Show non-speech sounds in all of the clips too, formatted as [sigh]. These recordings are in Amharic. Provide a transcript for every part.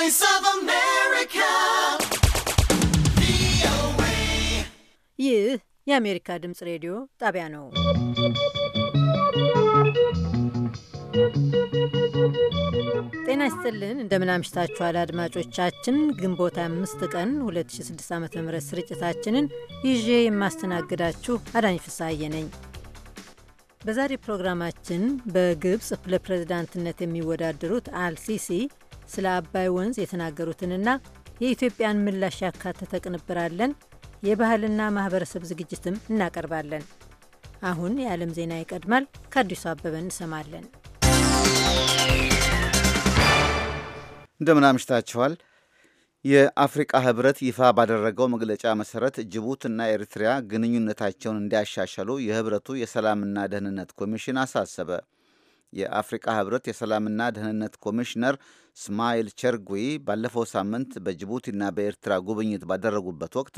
Voice of America. ይህ የአሜሪካ ድምፅ ሬዲዮ ጣቢያ ነው። ጤና ይስጥልን፣ እንደምን አምሽታችኋል አድማጮቻችን። ግንቦት አምስት ቀን 2006 ዓ ም ስርጭታችንን ይዤ የማስተናግዳችሁ አዳኝ ፍሳዬ ነኝ። በዛሬ ፕሮግራማችን በግብፅ ለፕሬዝዳንትነት የሚወዳደሩት አልሲሲ ስለ አባይ ወንዝ የተናገሩትንና የኢትዮጵያን ምላሽ ያካተተ ቅንብራለን። የባህልና ማህበረሰብ ዝግጅትም እናቀርባለን። አሁን የዓለም ዜና ይቀድማል። ከአዲሱ አበበ እንሰማለን። እንደምን አምሽታችኋል። የአፍሪቃ ህብረት ይፋ ባደረገው መግለጫ መሰረት ጅቡትና ኤርትሪያ ግንኙነታቸውን እንዲያሻሸሉ የህብረቱ የሰላምና ደህንነት ኮሚሽን አሳሰበ። የአፍሪቃ ህብረት የሰላምና ደህንነት ኮሚሽነር ስማኤል ቸርጉይ ባለፈው ሳምንት በጅቡቲና በኤርትራ ጉብኝት ባደረጉበት ወቅት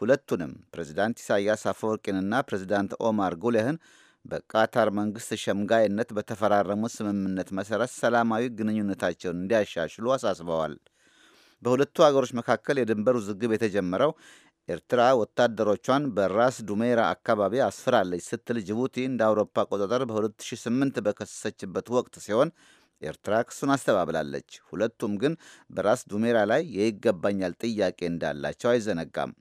ሁለቱንም ፕሬዚዳንት ኢሳያስ አፈወርቂንና ፕሬዚዳንት ኦማር ጉሌህን በቃታር መንግስት ሸምጋይነት በተፈራረሙት ስምምነት መሠረት ሰላማዊ ግንኙነታቸውን እንዲያሻሽሉ አሳስበዋል። በሁለቱ አገሮች መካከል የድንበር ውዝግብ የተጀመረው ኤርትራ ወታደሮቿን በራስ ዱሜራ አካባቢ አስፍራለች ስትል ጅቡቲ እንደ አውሮፓ አቆጣጠር በ2008 በከሰሰችበት ወቅት ሲሆን ኤርትራ ክሱን አስተባብላለች። ሁለቱም ግን በራስ ዱሜራ ላይ የይገባኛል ጥያቄ እንዳላቸው አይዘነጋም።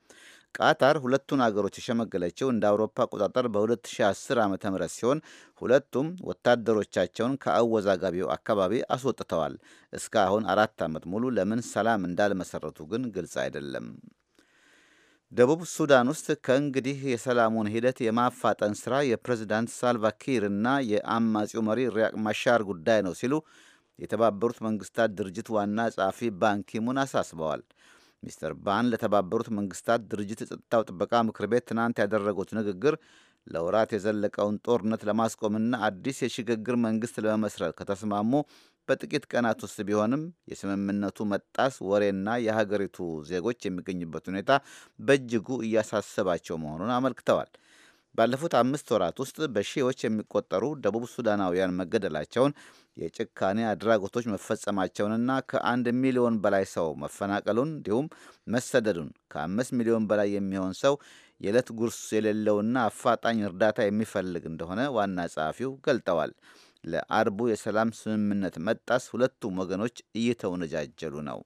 ቃታር ሁለቱን አገሮች የሸመገለችው እንደ አውሮፓ አቆጣጠር በ2010 ዓ ም ሲሆን ሁለቱም ወታደሮቻቸውን ከአወዛጋቢው አካባቢ አስወጥተዋል። እስካሁን አራት ዓመት ሙሉ ለምን ሰላም እንዳልመሰረቱ ግን ግልጽ አይደለም። ደቡብ ሱዳን ውስጥ ከእንግዲህ የሰላሙን ሂደት የማፋጠን ሥራ የፕሬዝዳንት ሳልቫኪር እና የአማጺው መሪ ሪያቅ ማሻር ጉዳይ ነው ሲሉ የተባበሩት መንግስታት ድርጅት ዋና ጸሐፊ ባንኪሙን አሳስበዋል። ሚስተር ባን ለተባበሩት መንግስታት ድርጅት የጸጥታው ጥበቃ ምክር ቤት ትናንት ያደረጉት ንግግር ለወራት የዘለቀውን ጦርነት ለማስቆምና አዲስ የሽግግር መንግስት ለመመስረት ከተስማሙ በጥቂት ቀናት ውስጥ ቢሆንም የስምምነቱ መጣስ ወሬና የሀገሪቱ ዜጎች የሚገኙበት ሁኔታ በእጅጉ እያሳሰባቸው መሆኑን አመልክተዋል። ባለፉት አምስት ወራት ውስጥ በሺዎች የሚቆጠሩ ደቡብ ሱዳናውያን መገደላቸውን፣ የጭካኔ አድራጎቶች መፈጸማቸውንና ከአንድ ሚሊዮን በላይ ሰው መፈናቀሉን እንዲሁም መሰደዱን ከአምስት ሚሊዮን በላይ የሚሆን ሰው የዕለት ጉርስ የሌለውና አፋጣኝ እርዳታ የሚፈልግ እንደሆነ ዋና ጸሐፊው ገልጠዋል። ለአርቡ የሰላም ስምምነት መጣስ ሁለቱም ወገኖች እየተወነጃጀሉ ነው።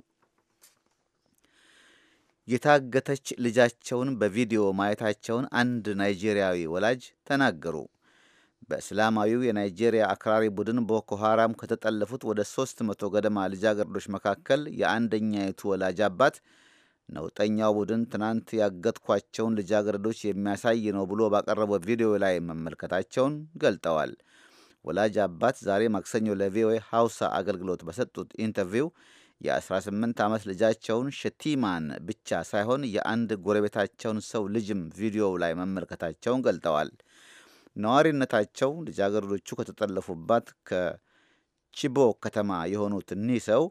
የታገተች ልጃቸውን በቪዲዮ ማየታቸውን አንድ ናይጄሪያዊ ወላጅ ተናገሩ። በእስላማዊው የናይጄሪያ አክራሪ ቡድን ቦኮ ሃራም ከተጠለፉት ወደ ሶስት መቶ ገደማ ልጃገረዶች መካከል የአንደኛይቱ ወላጅ አባት ነውጠኛው ቡድን ትናንት ያገጥኳቸውን ልጃገረዶች የሚያሳይ ነው ብሎ ባቀረበው ቪዲዮ ላይ መመልከታቸውን ገልጠዋል። ወላጅ አባት ዛሬ ማክሰኞ ለቪኦኤ ሐውሳ አገልግሎት በሰጡት ኢንተርቪው የ18 ዓመት ልጃቸውን ሸቲማን ብቻ ሳይሆን የአንድ ጎረቤታቸውን ሰው ልጅም ቪዲዮው ላይ መመልከታቸውን ገልጠዋል። ነዋሪነታቸው ልጃገረዶቹ ከተጠለፉባት ከቺቦ ከተማ የሆኑት እኒህ ሰው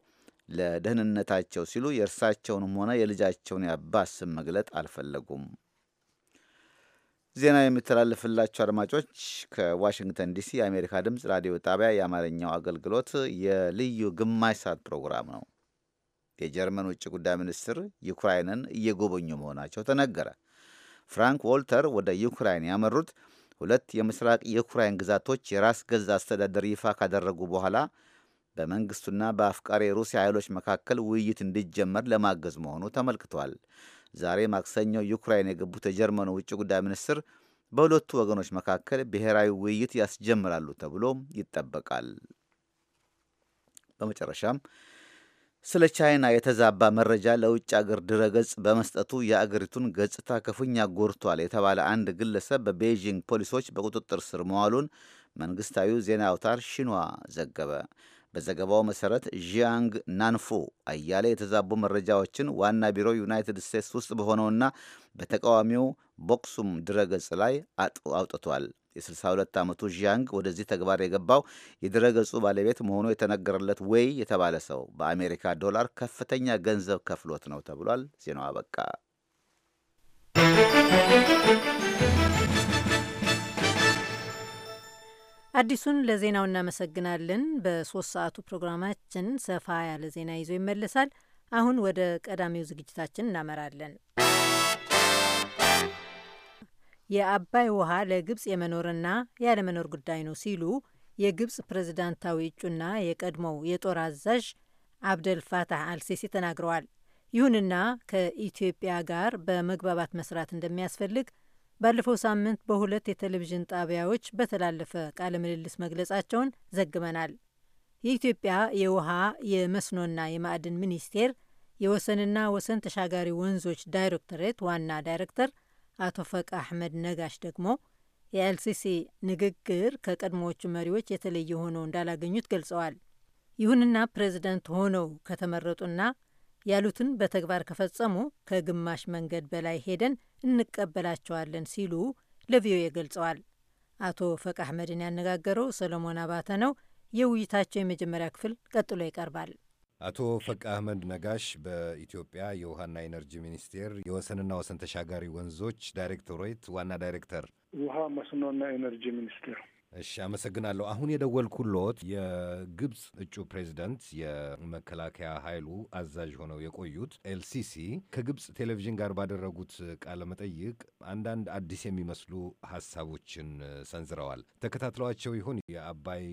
ለደህንነታቸው ሲሉ የእርሳቸውንም ሆነ የልጃቸውን የአባት ስም መግለጥ አልፈለጉም። ዜና የሚተላለፍላቸው አድማጮች ከዋሽንግተን ዲሲ የአሜሪካ ድምፅ ራዲዮ ጣቢያ የአማርኛው አገልግሎት የልዩ ግማሽ ሰዓት ፕሮግራም ነው። የጀርመን ውጭ ጉዳይ ሚኒስትር ዩክራይንን እየጎበኙ መሆናቸው ተነገረ። ፍራንክ ዎልተር ወደ ዩክራይን ያመሩት ሁለት የምስራቅ የዩክራይን ግዛቶች የራስ ገዝ አስተዳደር ይፋ ካደረጉ በኋላ በመንግስቱና በአፍቃሪ ሩሲያ ኃይሎች መካከል ውይይት እንዲጀመር ለማገዝ መሆኑ ተመልክቷል። ዛሬ ማክሰኞ ዩክራይን የገቡት የጀርመኑ ውጭ ጉዳይ ሚኒስትር በሁለቱ ወገኖች መካከል ብሔራዊ ውይይት ያስጀምራሉ ተብሎ ይጠበቃል። በመጨረሻም ስለ ቻይና የተዛባ መረጃ ለውጭ አገር ድረገጽ በመስጠቱ የአገሪቱን ገጽታ ክፉኛ ጎድቷል የተባለ አንድ ግለሰብ በቤይጂንግ ፖሊሶች በቁጥጥር ስር መዋሉን መንግስታዊው ዜና አውታር ሺንዋ ዘገበ። በዘገባው መሰረት ዢያንግ ናንፉ አያሌ የተዛቡ መረጃዎችን ዋና ቢሮ ዩናይትድ ስቴትስ ውስጥ በሆነውና በተቃዋሚው ቦክሱም ድረገጽ ላይ አውጥቷል። የ62 ዓመቱ ዢያንግ ወደዚህ ተግባር የገባው የድረገጹ ባለቤት መሆኑ የተነገረለት ወይ የተባለ ሰው በአሜሪካ ዶላር ከፍተኛ ገንዘብ ከፍሎት ነው ተብሏል። ዜናው አበቃ። አዲሱን ለዜናው እናመሰግናለን። በሶስት ሰዓቱ ፕሮግራማችን ሰፋ ያለ ዜና ይዞ ይመለሳል። አሁን ወደ ቀዳሚው ዝግጅታችን እናመራለን። የአባይ ውሃ ለግብፅ የመኖርና ያለመኖር ጉዳይ ነው ሲሉ የግብፅ ፕሬዝዳንታዊ እጩና የቀድሞው የጦር አዛዥ አብደል ፋታህ አልሲሲ ተናግረዋል። ይሁንና ከኢትዮጵያ ጋር በመግባባት መስራት እንደሚያስፈልግ ባለፈው ሳምንት በሁለት የቴሌቪዥን ጣቢያዎች በተላለፈ ቃለ ምልልስ መግለጻቸውን ዘግበናል። የኢትዮጵያ የውሃ የመስኖና የማዕድን ሚኒስቴር የወሰንና ወሰን ተሻጋሪ ወንዞች ዳይሬክቶሬት ዋና ዳይሬክተር አቶ ፈቃ አህመድ ነጋሽ ደግሞ የኤልሲሲ ንግግር ከቀድሞዎቹ መሪዎች የተለየ ሆነው እንዳላገኙት ገልጸዋል። ይሁንና ፕሬዚደንት ሆነው ከተመረጡና ያሉትን በተግባር ከፈጸሙ ከግማሽ መንገድ በላይ ሄደን እንቀበላቸዋለን ሲሉ ለቪኦኤ ገልጸዋል። አቶ ፈቅ አህመድን ያነጋገረው ሰለሞን አባተ ነው። የውይይታቸው የመጀመሪያ ክፍል ቀጥሎ ይቀርባል። አቶ ፈቅ አህመድ ነጋሽ በኢትዮጵያ የውሃና ኢነርጂ ሚኒስቴር የወሰንና ወሰን ተሻጋሪ ወንዞች ዳይሬክቶሬት ዋና ዳይሬክተር፣ ውሃ መስኖና ኢነርጂ ሚኒስቴር እሺ አመሰግናለሁ። አሁን የደወልኩሎት የግብፅ እጩ ፕሬዚደንት የመከላከያ ኃይሉ አዛዥ ሆነው የቆዩት ኤልሲሲ ከግብፅ ቴሌቪዥን ጋር ባደረጉት ቃለ መጠይቅ አንዳንድ አዲስ የሚመስሉ ሀሳቦችን ሰንዝረዋል። ተከታትለዋቸው ይሆን? የአባይ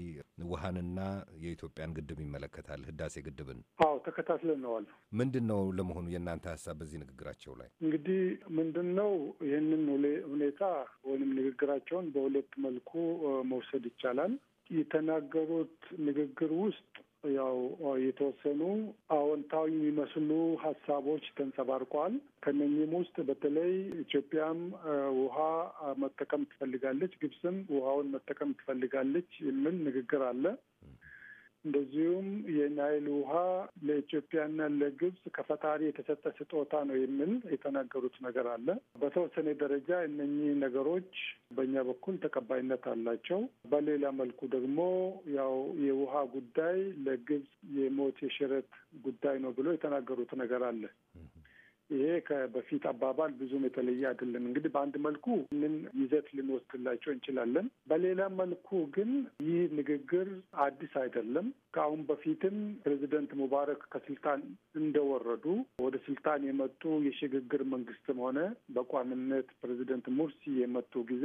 ውሃንና የኢትዮጵያን ግድብ ይመለከታል፣ ህዳሴ ግድብን። አዎ ተከታትለነዋል። ምንድን ነው ለመሆኑ የእናንተ ሀሳብ በዚህ ንግግራቸው ላይ? እንግዲህ ምንድን ነው ይህንን ሁኔታ ወይም ንግግራቸውን በሁለት መልኩ መውሰድ ይቻላል። የተናገሩት ንግግር ውስጥ ያው የተወሰኑ አዎንታዊ የሚመስሉ ሀሳቦች ተንጸባርቋል። ከነኚህም ውስጥ በተለይ ኢትዮጵያም ውሃ መጠቀም ትፈልጋለች፣ ግብፅም ውሃውን መጠቀም ትፈልጋለች የሚል ንግግር አለ። እንደዚሁም የናይል ውሃ ለኢትዮጵያና ለግብጽ ከፈጣሪ የተሰጠ ስጦታ ነው የሚል የተናገሩት ነገር አለ። በተወሰነ ደረጃ እነኚህ ነገሮች በእኛ በኩል ተቀባይነት አላቸው። በሌላ መልኩ ደግሞ ያው የውሃ ጉዳይ ለግብጽ የሞት የሽረት ጉዳይ ነው ብሎ የተናገሩት ነገር አለ። ይሄ ከበፊት አባባል ብዙም የተለየ አይደለም። እንግዲህ በአንድ መልኩ ምን ይዘት ልንወስድላቸው እንችላለን። በሌላ መልኩ ግን ይህ ንግግር አዲስ አይደለም። ከአሁን በፊትም ፕሬዚደንት ሙባረክ ከስልጣን እንደወረዱ ወደ ስልጣን የመጡ የሽግግር መንግስትም ሆነ በቋምነት ፕሬዚደንት ሙርሲ የመጡ ጊዜ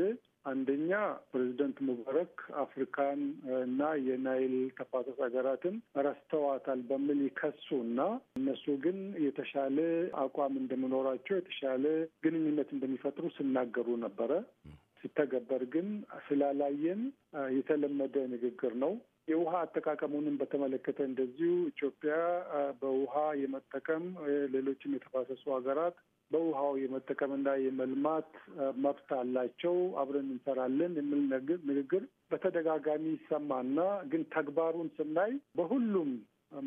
አንደኛ ፕሬዚደንት ሙባረክ አፍሪካን እና የናይል ተፋሰስ ሀገራትን ረስተዋታል በሚል ይከሱ እና እነሱ ግን የተሻለ አቋም እንደሚኖራቸው የተሻለ ግንኙነት እንደሚፈጥሩ ሲናገሩ ነበረ። ሲተገበር ግን ስላላየን የተለመደ ንግግር ነው። የውሃ አጠቃቀሙንም በተመለከተ እንደዚሁ ኢትዮጵያ በውሃ የመጠቀም ሌሎችም የተፋሰሱ ሀገራት በውሃው የመጠቀምና የመልማት መብት አላቸው፣ አብረን እንሰራለን የሚል ንግግር በተደጋጋሚ ይሰማና ግን ተግባሩን ስናይ በሁሉም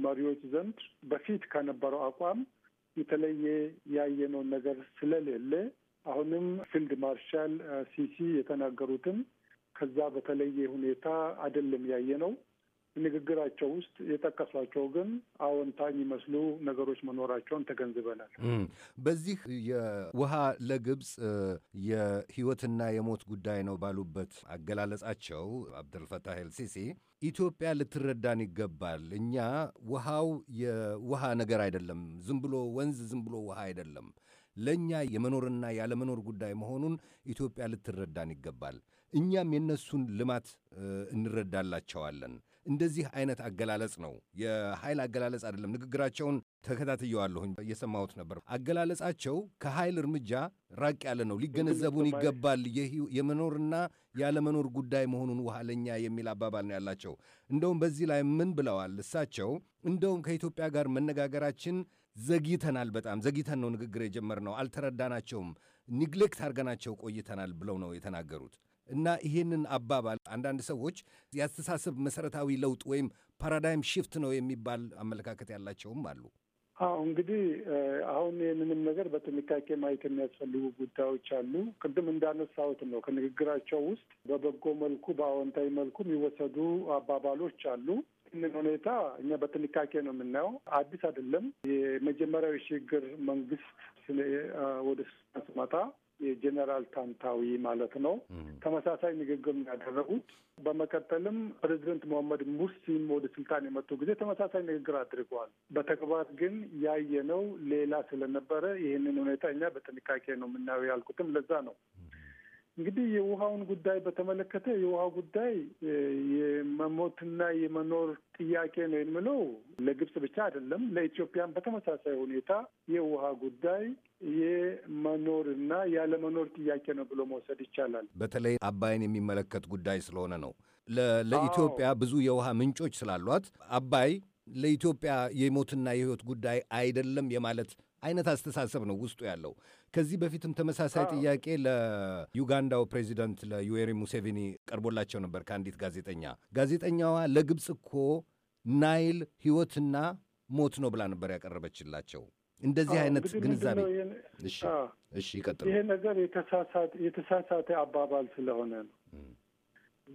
መሪዎች ዘንድ በፊት ከነበረው አቋም የተለየ ያየነውን ነገር ስለሌለ አሁንም ፊልድ ማርሻል ሲሲ የተናገሩትን ከዛ በተለየ ሁኔታ አይደለም ያየነው። ንግግራቸው ውስጥ የጠቀሷቸው ግን አዎንታኝ ይመስሉ ነገሮች መኖራቸውን ተገንዝበናል። በዚህ የውሃ ለግብፅ የህይወትና የሞት ጉዳይ ነው ባሉበት አገላለጻቸው አብደልፈታህ ኤልሲሲ ኢትዮጵያ ልትረዳን ይገባል። እኛ ውሃው የውሃ ነገር አይደለም፣ ዝም ብሎ ወንዝ፣ ዝም ብሎ ውሃ አይደለም። ለእኛ የመኖርና ያለመኖር ጉዳይ መሆኑን ኢትዮጵያ ልትረዳን ይገባል። እኛም የነሱን ልማት እንረዳላቸዋለን። እንደዚህ አይነት አገላለጽ ነው። የኃይል አገላለጽ አይደለም። ንግግራቸውን ተከታትየዋለሁኝ፣ እየሰማሁት ነበር። አገላለጻቸው ከኃይል እርምጃ ራቅ ያለ ነው። ሊገነዘቡን ይገባል። የመኖርና ያለመኖር ጉዳይ መሆኑን ውሃለኛ የሚል አባባል ነው ያላቸው። እንደውም በዚህ ላይ ምን ብለዋል እሳቸው? እንደውም ከኢትዮጵያ ጋር መነጋገራችን ዘግይተናል፣ በጣም ዘግይተን ነው ንግግር የጀመርነው፣ አልተረዳናቸውም፣ ኒግሌክት አድርገናቸው ቆይተናል ብለው ነው የተናገሩት። እና ይህንን አባባል አንዳንድ ሰዎች የአስተሳሰብ መሰረታዊ ለውጥ ወይም ፓራዳይም ሽፍት ነው የሚባል አመለካከት ያላቸውም አሉ። አዎ እንግዲህ አሁን ይህንንም ነገር በጥንቃቄ ማየት የሚያስፈልጉ ጉዳዮች አሉ። ቅድም እንዳነሳሁት ነው ከንግግራቸው ውስጥ በበጎ መልኩ በአዎንታዊ መልኩ የሚወሰዱ አባባሎች አሉ። ይህንን ሁኔታ እኛ በጥንቃቄ ነው የምናየው። አዲስ አይደለም። የመጀመሪያው የሽግግር መንግስት ወደ ስልጣን የጀኔራል ታንታዊ ማለት ነው ተመሳሳይ ንግግር ያደረጉት። በመቀጠልም ፕሬዚደንት መሐመድ ሙርሲም ወደ ስልጣን የመጡ ጊዜ ተመሳሳይ ንግግር አድርገዋል። በተግባር ግን ያየነው ሌላ ስለነበረ ይህንን ሁኔታ እኛ በጥንቃቄ ነው የምናየው ያልኩትም ለዛ ነው። እንግዲህ የውሃውን ጉዳይ በተመለከተ የውሃ ጉዳይ የመሞትና የመኖር ጥያቄ ነው የምለው ለግብጽ ብቻ አይደለም። ለኢትዮጵያን በተመሳሳይ ሁኔታ የውሃ ጉዳይ የመኖርና ያለመኖር ጥያቄ ነው ብሎ መውሰድ ይቻላል። በተለይ አባይን የሚመለከት ጉዳይ ስለሆነ ነው። ለኢትዮጵያ ብዙ የውሃ ምንጮች ስላሏት አባይ ለኢትዮጵያ የሞትና የሕይወት ጉዳይ አይደለም የማለት አይነት አስተሳሰብ ነው ውስጡ ያለው። ከዚህ በፊትም ተመሳሳይ ጥያቄ ለዩጋንዳው ፕሬዚዳንት ለዩዌሪ ሙሴቪኒ ቀርቦላቸው ነበር ከአንዲት ጋዜጠኛ። ጋዜጠኛዋ ለግብፅ እኮ ናይል ህይወትና ሞት ነው ብላ ነበር ያቀረበችላቸው። እንደዚህ አይነት ግንዛቤ እሺ፣ ይቀጥሉ። ይሄ ነገር የተሳሳተ አባባል ስለሆነ ነው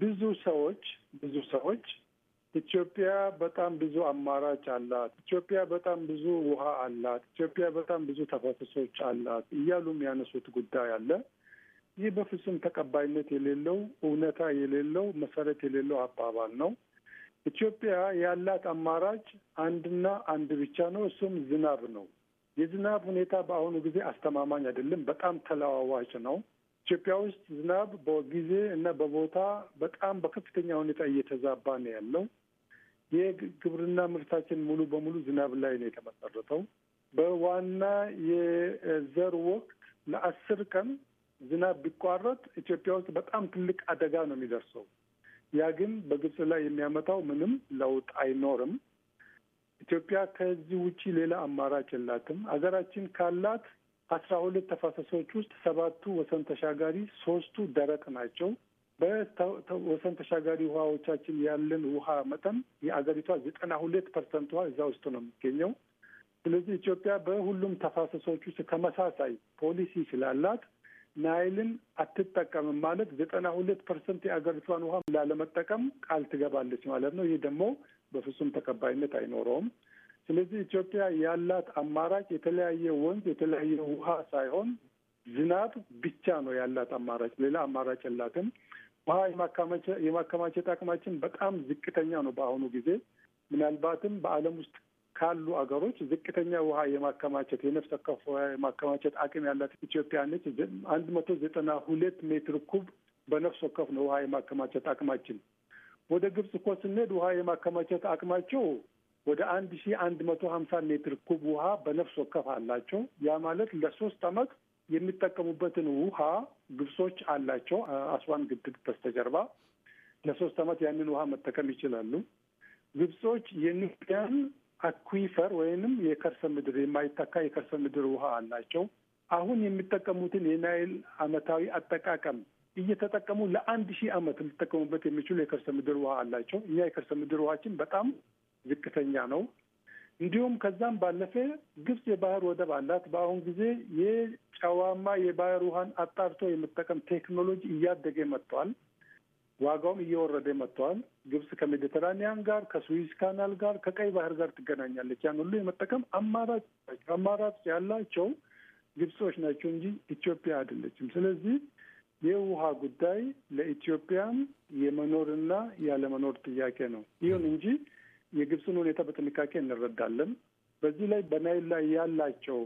ብዙ ሰዎች ብዙ ሰዎች ኢትዮጵያ በጣም ብዙ አማራጭ አላት፣ ኢትዮጵያ በጣም ብዙ ውሃ አላት፣ ኢትዮጵያ በጣም ብዙ ተፈሰሶች አላት እያሉ የሚያነሱት ጉዳይ አለ። ይህ በፍጹም ተቀባይነት የሌለው እውነታ የሌለው መሰረት የሌለው አባባል ነው። ኢትዮጵያ ያላት አማራጭ አንድና አንድ ብቻ ነው። እሱም ዝናብ ነው። የዝናብ ሁኔታ በአሁኑ ጊዜ አስተማማኝ አይደለም። በጣም ተለዋዋጭ ነው። ኢትዮጵያ ውስጥ ዝናብ በጊዜ እና በቦታ በጣም በከፍተኛ ሁኔታ እየተዛባ ነው ያለው። የግብርና ምርታችን ሙሉ በሙሉ ዝናብ ላይ ነው የተመሰረተው። በዋና የዘር ወቅት ለአስር ቀን ዝናብ ቢቋረጥ ኢትዮጵያ ውስጥ በጣም ትልቅ አደጋ ነው የሚደርሰው። ያ ግን በግብፅ ላይ የሚያመጣው ምንም ለውጥ አይኖርም። ኢትዮጵያ ከዚህ ውጪ ሌላ አማራጭ የላትም። ሀገራችን ካላት አስራ ሁለት ተፋሰሶች ውስጥ ሰባቱ ወሰን ተሻጋሪ፣ ሶስቱ ደረቅ ናቸው። በወሰን ተሻጋሪ ውሃዎቻችን ያለን ውሃ መጠን የአገሪቷ ዘጠና ሁለት ፐርሰንት ውሃ እዛ ውስጥ ነው የሚገኘው። ስለዚህ ኢትዮጵያ በሁሉም ተፋሰሶች ውስጥ ተመሳሳይ ፖሊሲ ስላላት ናይልን አትጠቀምም ማለት ዘጠና ሁለት ፐርሰንት የአገሪቷን ውሃ ላለመጠቀም ቃል ትገባለች ማለት ነው። ይህ ደግሞ በፍጹም ተቀባይነት አይኖረውም። ስለዚህ ኢትዮጵያ ያላት አማራጭ የተለያየ ወንዝ፣ የተለያየ ውሃ ሳይሆን ዝናብ ብቻ ነው ያላት አማራጭ። ሌላ አማራጭ የላትም። ውሃ የማከማቸት አቅማችን በጣም ዝቅተኛ ነው በአሁኑ ጊዜ። ምናልባትም በዓለም ውስጥ ካሉ አገሮች ዝቅተኛ ውሃ የማከማቸት የነፍስ ወከፍ ውሃ የማከማቸት አቅም ያላት ኢትዮጵያ ነች። አንድ መቶ ዘጠና ሁለት ሜትር ኩብ በነፍስ ወከፍ ነው ውሃ የማከማቸት አቅማችን። ወደ ግብጽ እኮ ስንሄድ ውሃ የማከማቸት አቅማቸው ወደ አንድ ሺ አንድ መቶ ሀምሳ ሜትር ኩብ ውሃ በነፍስ ወከፍ አላቸው። ያ ማለት ለሶስት አመት የሚጠቀሙበትን ውሃ ግብጾች አላቸው። አስዋን ግድብ በስተጀርባ ለሶስት ዓመት ያንን ውሃ መጠቀም ይችላሉ። ግብጾች የኒያን አኩዊፈር ወይንም የከርሰ ምድር የማይተካ የከርሰ ምድር ውሃ አላቸው። አሁን የሚጠቀሙትን የናይል አመታዊ አጠቃቀም እየተጠቀሙ ለአንድ ሺህ አመት ሊጠቀሙበት የሚችሉ የከርሰ ምድር ውሃ አላቸው። እኛ የከርሰ ምድር ውሃችን በጣም ዝቅተኛ ነው። እንዲሁም ከዛም ባለፈ ግብጽ የባህር ወደብ አላት። በአሁን ጊዜ የጨዋማ የባህር ውሃን አጣርቶ የመጠቀም ቴክኖሎጂ እያደገ መጥቷል። ዋጋውም እየወረደ መጥተዋል። ግብጽ ከሜዲተራኒያን ጋር ከስዊዝ ካናል ጋር ከቀይ ባህር ጋር ትገናኛለች። ያን ሁሉ የመጠቀም አማራጭ አማራጭ ያላቸው ግብጾች ናቸው እንጂ ኢትዮጵያ አይደለችም። ስለዚህ የውሃ ጉዳይ ለኢትዮጵያም የመኖርና ያለመኖር ጥያቄ ነው። ይሁን እንጂ የግብፅን ሁኔታ በጥንቃቄ እንረዳለን። በዚህ ላይ በናይል ላይ ያላቸው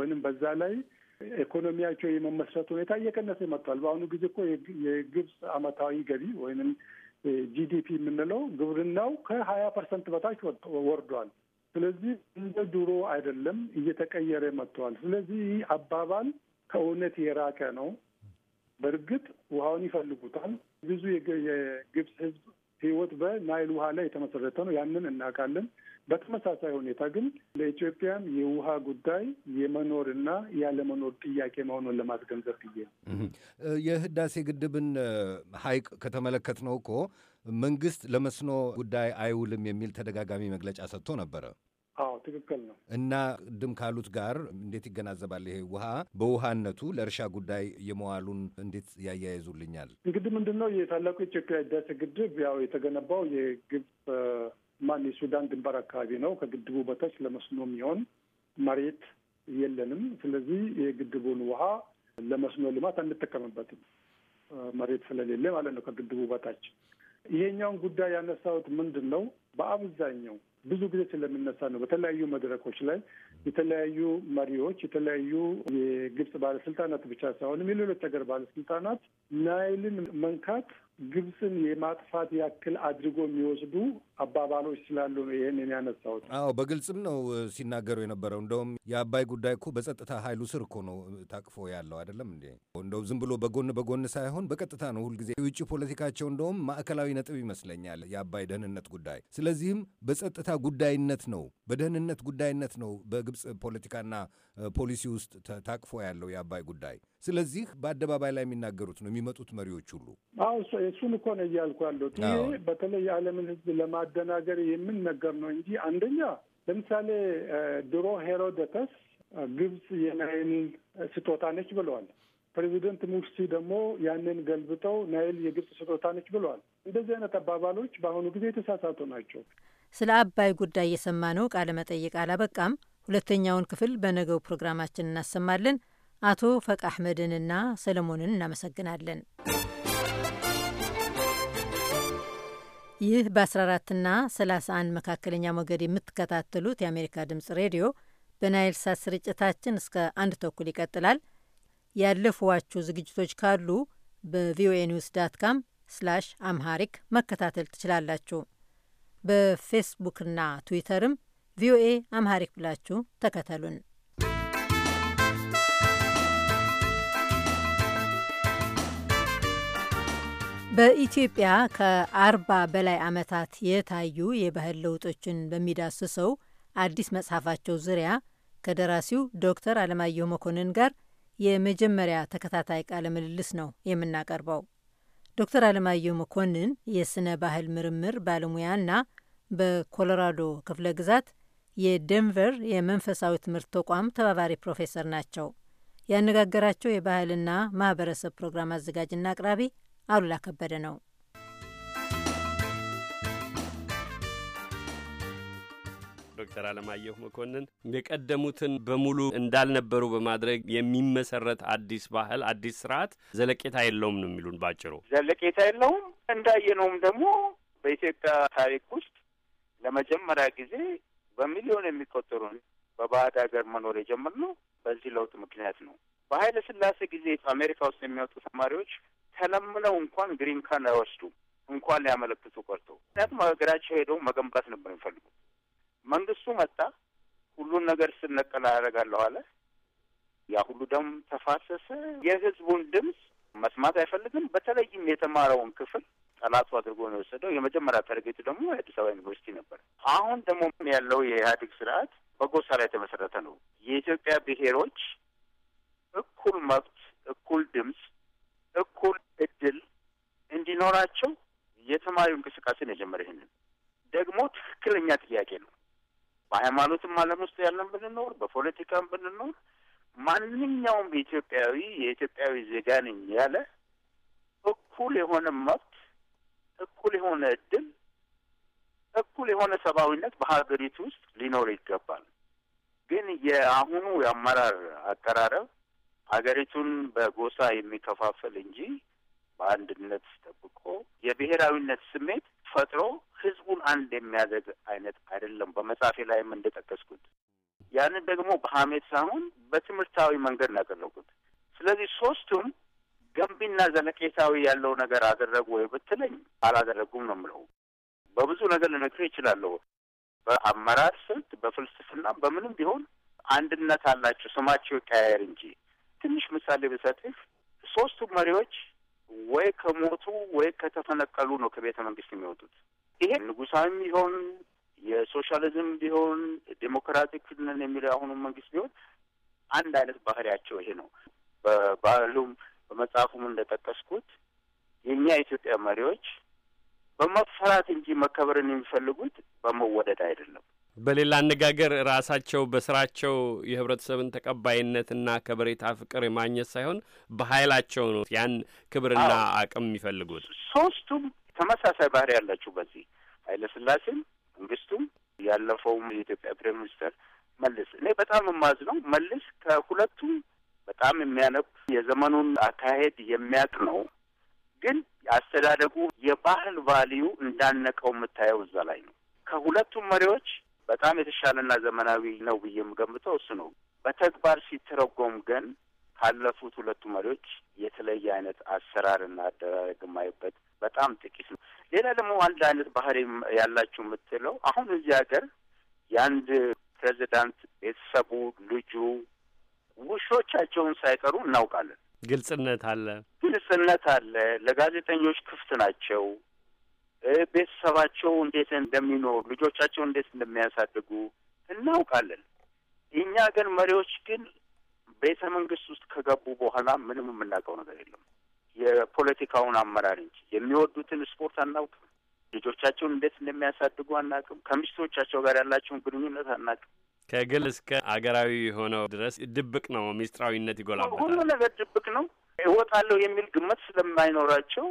ወይም በዛ ላይ ኢኮኖሚያቸው የመመስረት ሁኔታ እየቀነሰ ይመጥቷል። በአሁኑ ጊዜ እኮ የግብፅ አመታዊ ገቢ ወይም ጂዲፒ የምንለው ግብርናው ከሀያ ፐርሰንት በታች ወርዷል። ስለዚህ እንደ ድሮ አይደለም፣ እየተቀየረ መጥተዋል። ስለዚህ ይህ አባባል ከእውነት የራቀ ነው። በእርግጥ ውሃውን ይፈልጉታል። ብዙ የግብፅ ህዝብ ። ህይወት በናይል ውሃ ላይ የተመሰረተ ነው። ያንን እናውቃለን። በተመሳሳይ ሁኔታ ግን ለኢትዮጵያም የውሃ ጉዳይ የመኖርና ያለመኖር ጥያቄ መሆኑን ለማስገንዘብ ብዬ ነው። የህዳሴ ግድብን ሀይቅ ከተመለከት ነው እኮ መንግስት ለመስኖ ጉዳይ አይውልም የሚል ተደጋጋሚ መግለጫ ሰጥቶ ነበረ። አዎ ትክክል ነው። እና ቅድም ካሉት ጋር እንዴት ይገናዘባል? ይሄ ውሃ በውሃነቱ ለእርሻ ጉዳይ የመዋሉን እንዴት ያያይዙልኛል? እንግዲህ ምንድን ነው የታላቁ የኢትዮጵያ ህዳሴ ግድብ ያው የተገነባው የግብፅ ማን የሱዳን ድንበር አካባቢ ነው። ከግድቡ በታች ለመስኖ የሚሆን መሬት የለንም። ስለዚህ የግድቡን ውሃ ለመስኖ ልማት አንጠቀምበትም፣ መሬት ስለሌለ ማለት ነው። ከግድቡ በታች ይሄኛውን ጉዳይ ያነሳሁት ምንድን ነው በአብዛኛው ብዙ ጊዜ ስለሚነሳ ነው። በተለያዩ መድረኮች ላይ የተለያዩ መሪዎች፣ የተለያዩ የግብጽ ባለስልጣናት ብቻ ሳይሆንም የሌሎች ሀገር ባለስልጣናት ናይልን መንካት ግብፅን የማጥፋት ያክል አድርጎ የሚወስዱ አባባሎች ስላሉ ነው ይህን ያነሳውት አዎ በግልጽም ነው ሲናገሩ የነበረው። እንደውም የአባይ ጉዳይ እኮ በጸጥታ ኃይሉ ስር እኮ ነው ታቅፎ ያለው አይደለም እንዴ? እንደው ዝም ብሎ በጎን በጎን ሳይሆን በቀጥታ ነው ሁልጊዜ። የውጭ ፖለቲካቸው እንደውም ማዕከላዊ ነጥብ ይመስለኛል የአባይ ደህንነት ጉዳይ። ስለዚህም በጸጥታ ጉዳይነት ነው፣ በደህንነት ጉዳይነት ነው በግብፅ ፖለቲካና ፖሊሲ ውስጥ ታቅፎ ያለው የአባይ ጉዳይ። ስለዚህ በአደባባይ ላይ የሚናገሩት ነው የሚመጡት መሪዎች ሁሉ። አዎ እሱን እኮ ነው እያልኩ ያለሁት። ይህ በተለይ የዓለምን ሕዝብ ለማደናገር የምንነገር ነው እንጂ አንደኛ ለምሳሌ ድሮ ሄሮደተስ ግብፅ የናይል ስጦታ ነች ብለዋል። ፕሬዚደንት ሙርሲ ደግሞ ያንን ገልብጠው ናይል የግብፅ ስጦታ ነች ብለዋል። እንደዚህ አይነት አባባሎች በአሁኑ ጊዜ የተሳሳቱ ናቸው። ስለ አባይ ጉዳይ የሰማነው ቃለ መጠይቅ አላበቃም። ሁለተኛውን ክፍል በነገው ፕሮግራማችን እናሰማለን። አቶ ፈቅ አሕመድንና ሰለሞንን እናመሰግናለን። ይህ በ14ና 31 መካከለኛ ሞገድ የምትከታተሉት የአሜሪካ ድምፅ ሬዲዮ በናይል ሳት ስርጭታችን እስከ አንድ ተኩል ይቀጥላል። ያለፏችሁ ዝግጅቶች ካሉ በቪኦኤ ኒውስ ዳት ካም ስላሽ አምሃሪክ መከታተል ትችላላችሁ። በፌስቡክና ትዊተርም ቪኦኤ አምሃሪክ ብላችሁ ተከተሉን። በኢትዮጵያ ከአርባ በላይ ዓመታት የታዩ የባህል ለውጦችን በሚዳስሰው አዲስ መጽሐፋቸው ዙሪያ ከደራሲው ዶክተር አለማየሁ መኮንን ጋር የመጀመሪያ ተከታታይ ቃለ ምልልስ ነው የምናቀርበው። ዶክተር አለማየሁ መኮንን የሥነ ባህል ምርምር ባለሙያና በኮሎራዶ ክፍለ ግዛት የደንቨር የመንፈሳዊ ትምህርት ተቋም ተባባሪ ፕሮፌሰር ናቸው። ያነጋገራቸው የባህልና ማህበረሰብ ፕሮግራም አዘጋጅና አቅራቢ አሉላ ከበደ ነው። ዶክተር አለማየሁ መኮንን የቀደሙትን በሙሉ እንዳልነበሩ በማድረግ የሚመሰረት አዲስ ባህል፣ አዲስ ስርዓት ዘለቄታ የለውም ነው የሚሉን ባጭሩ። ዘለቄታ የለውም እንዳየነውም ደግሞ በኢትዮጵያ ታሪክ ውስጥ ለመጀመሪያ ጊዜ በሚሊዮን የሚቆጠሩን በባዕድ ሀገር መኖር የጀመርነው በዚህ ለውጥ ምክንያት ነው። በኃይለ ስላሴ ጊዜ አሜሪካ ውስጥ የሚወጡ ተማሪዎች ተለምነው እንኳን ግሪን ካርድ አይወስዱም እንኳን ሊያመለክቱ ቀርቶ። ምክንያቱም ሀገራቸው ሄደው መገንባት ነበር የሚፈልጉት። መንግስቱ መጣ፣ ሁሉን ነገር ስነቀል አደርጋለሁ አለ። ያ ሁሉ ደም ተፋሰሰ። የህዝቡን ድምፅ መስማት አይፈልግም። በተለይም የተማረውን ክፍል ጠላቱ አድርጎ ነው የወሰደው። የመጀመሪያ ታርጌቱ ደግሞ የአዲስ አበባ ዩኒቨርሲቲ ነበር። አሁን ደግሞ ያለው የኢህአዴግ ስርዓት በጎሳ ላይ የተመሰረተ ነው። የኢትዮጵያ ብሔሮች እኩል መብት፣ እኩል ድምፅ፣ እኩል እንዲኖራቸው የተማሪው እንቅስቃሴ ነው የጀመረ። ይህንን ደግሞ ትክክለኛ ጥያቄ ነው። በሃይማኖትም ዓለም ውስጥ ያለን ብንኖር፣ በፖለቲካም ብንኖር ማንኛውም ኢትዮጵያዊ የኢትዮጵያዊ ዜጋ ነኝ ያለ እኩል የሆነ መብት፣ እኩል የሆነ እድል፣ እኩል የሆነ ሰብአዊነት በሀገሪቱ ውስጥ ሊኖር ይገባል። ግን የአሁኑ የአመራር አቀራረብ ሀገሪቱን በጎሳ የሚከፋፈል እንጂ በአንድነት ጠብቆ የብሔራዊነት ስሜት ፈጥሮ ህዝቡን አንድ የሚያደርግ አይነት አይደለም። በመጽሐፌ ላይም እንደጠቀስኩት ያንን ደግሞ በሀሜት ሳይሆን በትምህርታዊ መንገድ ነው ያቀረብኩት። ስለዚህ ሶስቱም ገንቢና ዘለቄታዊ ያለው ነገር አደረጉ ወይ ብትለኝ አላደረጉም ነው የምለው። በብዙ ነገር ልነግርህ እችላለሁ። በአመራር ስልት፣ በፍልስፍና፣ በምንም ቢሆን አንድነት አላቸው። ስማቸው ይቀያየር እንጂ ትንሽ ምሳሌ ብሰጥህ ሶስቱ መሪዎች ወይ ከሞቱ ወይ ከተፈነቀሉ ነው ከቤተ መንግስት የሚወጡት። ይሄ ንጉሳዊም ቢሆን የሶሻሊዝም ቢሆን ዴሞክራቲክ ነን የሚለው አሁኑ መንግስት ቢሆን አንድ አይነት ባህሪያቸው ይሄ ነው። በባህሉም በመጽሐፉም እንደጠቀስኩት የእኛ ኢትዮጵያ መሪዎች በመፈራት እንጂ መከበርን የሚፈልጉት በመወደድ አይደለም። በሌላ አነጋገር ራሳቸው በስራቸው የህብረተሰብን ተቀባይነትና ከበሬታ ፍቅር የማግኘት ሳይሆን በኃይላቸው ነው ያን ክብርና አቅም የሚፈልጉት። ሶስቱም ተመሳሳይ ባህሪ ያላቸው በዚህ ኃይለ ስላሴም መንግስቱም ያለፈውም የኢትዮጵያ ፕሬም ሚኒስተር መልስ እኔ በጣም የማዝ ነው ከሁለቱም በጣም የሚያነቁ የዘመኑን አካሄድ የሚያውቅ ነው። ግን አስተዳደጉ የባህል ቫሊዩ እንዳነቀው የምታየው እዛ ላይ ነው። ከሁለቱም መሪዎች በጣም የተሻለና ዘመናዊ ነው ብዬ የምገምተው እሱ ነው። በተግባር ሲተረጎም ግን ካለፉት ሁለቱ መሪዎች የተለየ አይነት አሰራርና አደራረግ የማይበት በጣም ጥቂት ነው። ሌላ ደግሞ አንድ አይነት ባህሪ ያላችሁ የምትለው አሁን እዚህ ሀገር የአንድ ፕሬዚዳንት ቤተሰቡ፣ ልጁ፣ ውሾቻቸውን ሳይቀሩ እናውቃለን። ግልጽነት አለ፣ ግልጽነት አለ። ለጋዜጠኞች ክፍት ናቸው። ቤተሰባቸው እንዴት እንደሚኖሩ ልጆቻቸው እንዴት እንደሚያሳድጉ እናውቃለን። እኛ ግን መሪዎች ግን ቤተ መንግስት ውስጥ ከገቡ በኋላ ምንም የምናውቀው ነገር የለም የፖለቲካውን አመራር እንጂ የሚወዱትን ስፖርት አናውቅም። ልጆቻቸውን እንዴት እንደሚያሳድጉ አናውቅም። ከሚስቶቻቸው ጋር ያላቸውን ግንኙነት አናውቅም። ከግል እስከ አገራዊ የሆነው ድረስ ድብቅ ነው። ሚስጥራዊነት ይጎላል። ሁሉ ነገር ድብቅ ነው። እወጣለሁ የሚል ግምት ስለማይኖራቸው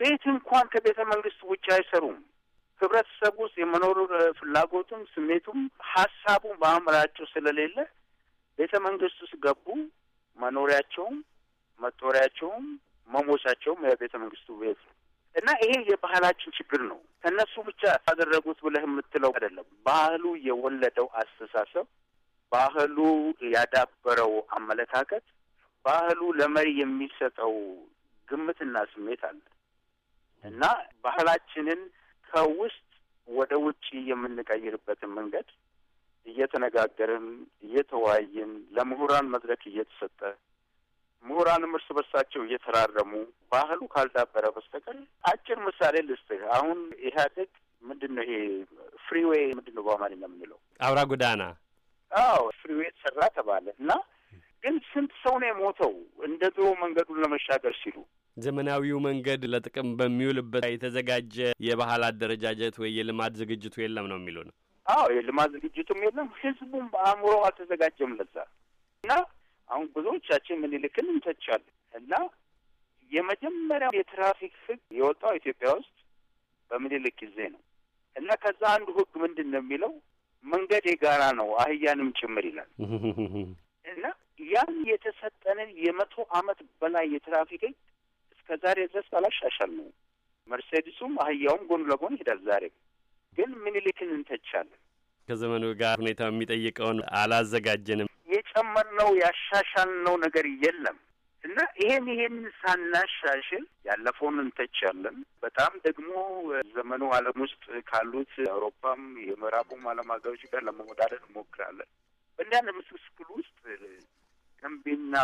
ቤት እንኳን ከቤተ መንግስት ውጭ አይሰሩም። ህብረተሰብ ውስጥ የመኖሩ ፍላጎቱም ስሜቱም ሀሳቡም በአእምራቸው ስለሌለ ቤተ መንግስት ውስጥ ገቡ። መኖሪያቸውም መጦሪያቸውም መሞቻቸውም የቤተ መንግስቱ ቤት ነው እና ይሄ የባህላችን ችግር ነው። ከእነሱ ብቻ ያደረጉት ብለህ የምትለው አይደለም። ባህሉ የወለደው አስተሳሰብ፣ ባህሉ ያዳበረው አመለካከት፣ ባህሉ ለመሪ የሚሰጠው ግምትና ስሜት አለ። እና ባህላችንን ከውስጥ ወደ ውጭ የምንቀይርበትን መንገድ እየተነጋገርን እየተወያየን ለምሁራን መድረክ እየተሰጠ ምሁራንም እርስ በርሳቸው እየተራረሙ ባህሉ ካልዳበረ በስተቀር አጭር ምሳሌ ልስጥህ። አሁን ኢህአዴግ ምንድን ነው ይሄ ፍሪዌይ ምንድን ነው በአማርኛ የምንለው? አውራ ጎዳና። አዎ ፍሪዌይ ተሰራ ተባለ እና ግን ስንት ሰው ነው የሞተው እንደ ድሮ መንገዱን ለመሻገር ሲሉ ዘመናዊው መንገድ ለጥቅም በሚውልበት የተዘጋጀ የባህል አደረጃጀት ወይ የልማት ዝግጅቱ የለም ነው ነው። አዎ የልማት ዝግጅቱም የለም፣ ህዝቡም በአእምሮ አልተዘጋጀም ለዛ እና አሁን ብዙዎቻችን ምኒልክን እንተቻለን እና የመጀመሪያው የትራፊክ ህግ የወጣው ኢትዮጵያ ውስጥ በምኒልክ ጊዜ ነው እና ከዛ አንዱ ህግ ምንድን ነው የሚለው መንገድ የጋራ ነው አህያንም ጭምር ይላል [laughs] እና ያን የተሰጠንን የመቶ አመት በላይ የትራፊክ ህግ እስከዛሬ ድረስ ነው። መርሴዲሱም አህያውም ጎን ለጎን ሄዳል። ዛሬ ግን ምኒልክን እንተቻለን። ከዘመኑ ጋር ሁኔታ የሚጠይቀውን አላዘጋጀንም። የጨመርነው ያሻሻልነው ነገር የለም እና ይሄን ይሄን ሳናሻሽል ያለፈውን እንተቻለን። በጣም ደግሞ ዘመኑ ዓለም ውስጥ ካሉት አውሮፓም የምዕራቡም ዓለም ሀገሮች ጋር ለመወዳደር እንሞክራለን። በእንዲህ ዓይነት ውስጥ ገንቢና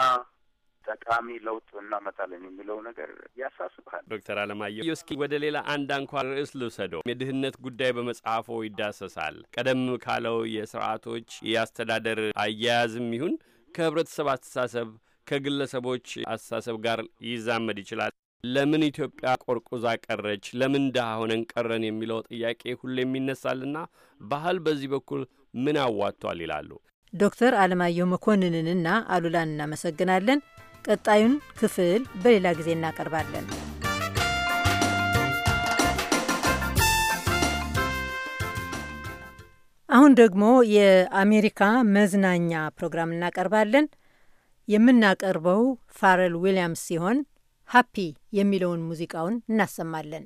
ጠቃሚ ለውጥ እናመጣለን የሚለው ነገር ያሳስብሃል። ዶክተር አለማየሁ እስኪ ወደ ሌላ አንድ አንኳር ርዕስ ልውሰደው። የድህነት ጉዳይ በመጽሐፎ ይዳሰሳል። ቀደም ካለው የስርዓቶች የአስተዳደር አያያዝም ይሁን ከህብረተሰብ አስተሳሰብ ከግለሰቦች አስተሳሰብ ጋር ይዛመድ ይችላል። ለምን ኢትዮጵያ ቆርቁዛ ቀረች? ለምን ድሀ ሆነን ቀረን? የሚለው ጥያቄ ሁሌም ይነሳልና ባህል በዚህ በኩል ምን አዋጥቷል? ይላሉ ዶክተር አለማየሁ መኮንንንና አሉላን እናመሰግናለን። ቀጣዩን ክፍል በሌላ ጊዜ እናቀርባለን። አሁን ደግሞ የአሜሪካ መዝናኛ ፕሮግራም እናቀርባለን። የምናቀርበው ፋረል ዊሊያምስ ሲሆን ሃፒ የሚለውን ሙዚቃውን እናሰማለን።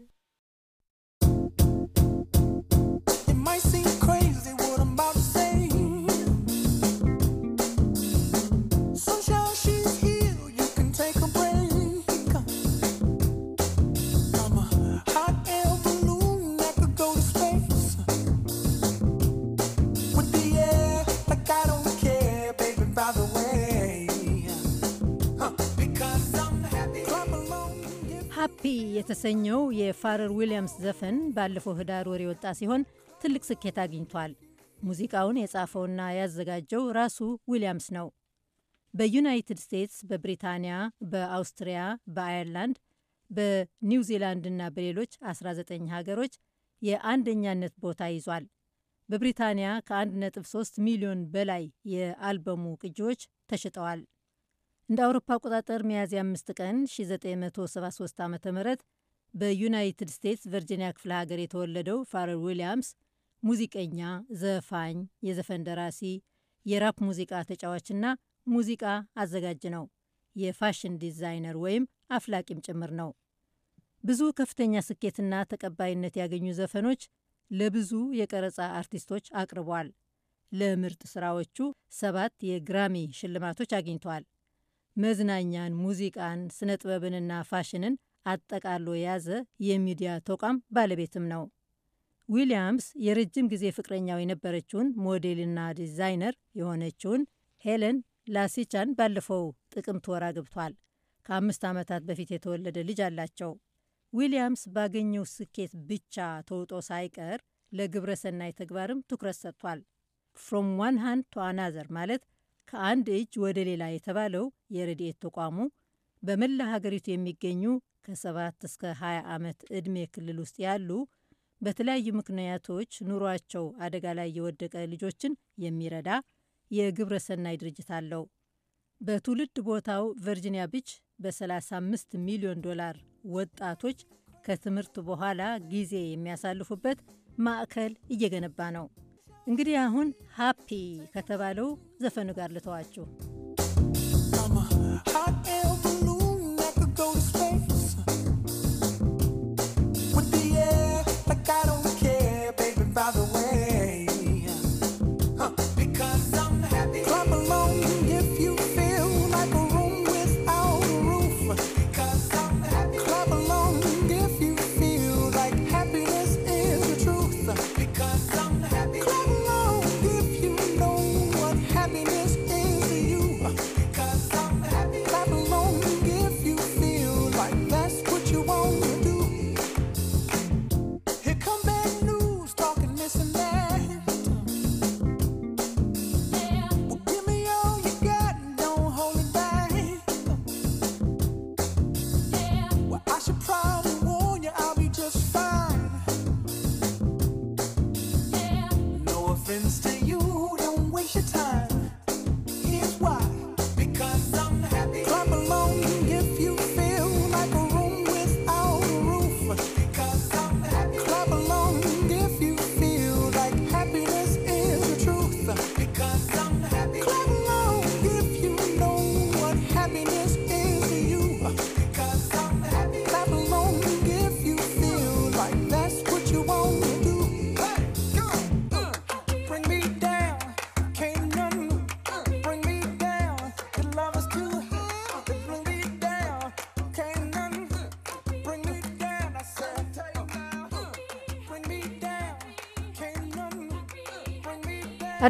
የተሰኘው የፋረር ዊሊያምስ ዘፈን ባለፈው ህዳር ወር የወጣ ሲሆን ትልቅ ስኬት አግኝቷል። ሙዚቃውን የጻፈውና ያዘጋጀው ራሱ ዊሊያምስ ነው። በዩናይትድ ስቴትስ፣ በብሪታንያ፣ በአውስትሪያ፣ በአየርላንድ፣ በኒውዚላንድና በሌሎች 19 ሀገሮች የአንደኛነት ቦታ ይዟል። በብሪታንያ ከ1.3 ሚሊዮን በላይ የአልበሙ ቅጂዎች ተሽጠዋል። እንደ አውሮፓ አቆጣጠር ሚያዝያ 5 ቀን 1973 ዓ ም በዩናይትድ ስቴትስ ቨርጂኒያ ክፍለ ሀገር የተወለደው ፋረል ዊሊያምስ ሙዚቀኛ፣ ዘፋኝ፣ የዘፈን ደራሲ፣ የራፕ ሙዚቃ ተጫዋችና ሙዚቃ አዘጋጅ ነው። የፋሽን ዲዛይነር ወይም አፍላቂም ጭምር ነው። ብዙ ከፍተኛ ስኬትና ተቀባይነት ያገኙ ዘፈኖች ለብዙ የቀረጻ አርቲስቶች አቅርቧል። ለምርጥ ስራዎቹ ሰባት የግራሚ ሽልማቶች አግኝቷል። መዝናኛን፣ ሙዚቃን፣ ስነ ጥበብንና ፋሽንን አጠቃሎ የያዘ የሚዲያ ተቋም ባለቤትም ነው። ዊሊያምስ የረጅም ጊዜ ፍቅረኛው የነበረችውን ሞዴልና ዲዛይነር የሆነችውን ሄለን ላሲቻን ባለፈው ጥቅምት ወር አግብቷል። ከአምስት ዓመታት በፊት የተወለደ ልጅ አላቸው። ዊሊያምስ ባገኘው ስኬት ብቻ ተውጦ ሳይቀር ለግብረ ሰናይ ተግባርም ትኩረት ሰጥቷል። ፍሮም ዋን ሃንድ ቱ አናዘር ማለት ከአንድ እጅ ወደ ሌላ የተባለው የረድኤት ተቋሙ በመላ ሀገሪቱ የሚገኙ ከ7 እስከ 20 ዓመት ዕድሜ ክልል ውስጥ ያሉ በተለያዩ ምክንያቶች ኑሯቸው አደጋ ላይ የወደቀ ልጆችን የሚረዳ የግብረ ሰናይ ድርጅት አለው። በትውልድ ቦታው ቨርጂኒያ ቢች በ35 ሚሊዮን ዶላር ወጣቶች ከትምህርት በኋላ ጊዜ የሚያሳልፉበት ማዕከል እየገነባ ነው። እንግዲህ አሁን ሃፒ ከተባለው ዘፈኑ ጋር ልተዋችሁ።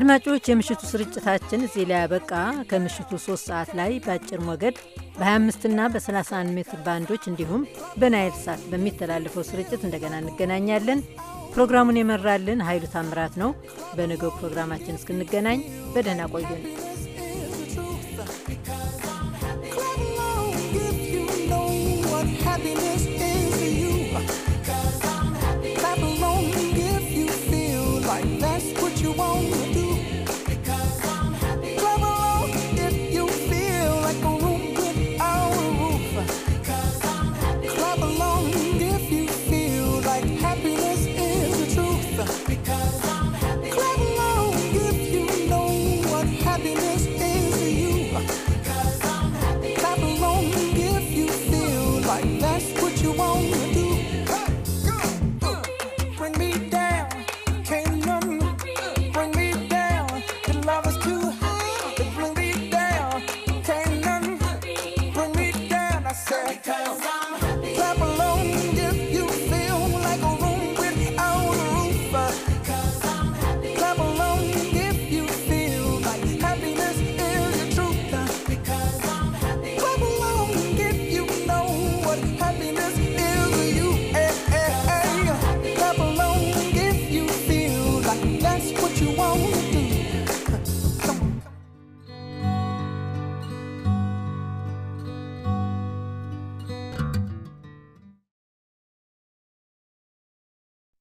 አድማጮች የምሽቱ ስርጭታችን እዚህ ላይ ያበቃ። ከምሽቱ 3 ሰዓት ላይ በአጭር ሞገድ በ25 ና በ31 ሜትር ባንዶች እንዲሁም በናይል ሳት በሚተላለፈው ስርጭት እንደገና እንገናኛለን። ፕሮግራሙን የመራልን ኃይሉ ታምራት ነው። በነገው ፕሮግራማችን እስክንገናኝ በደህና ቆዩን።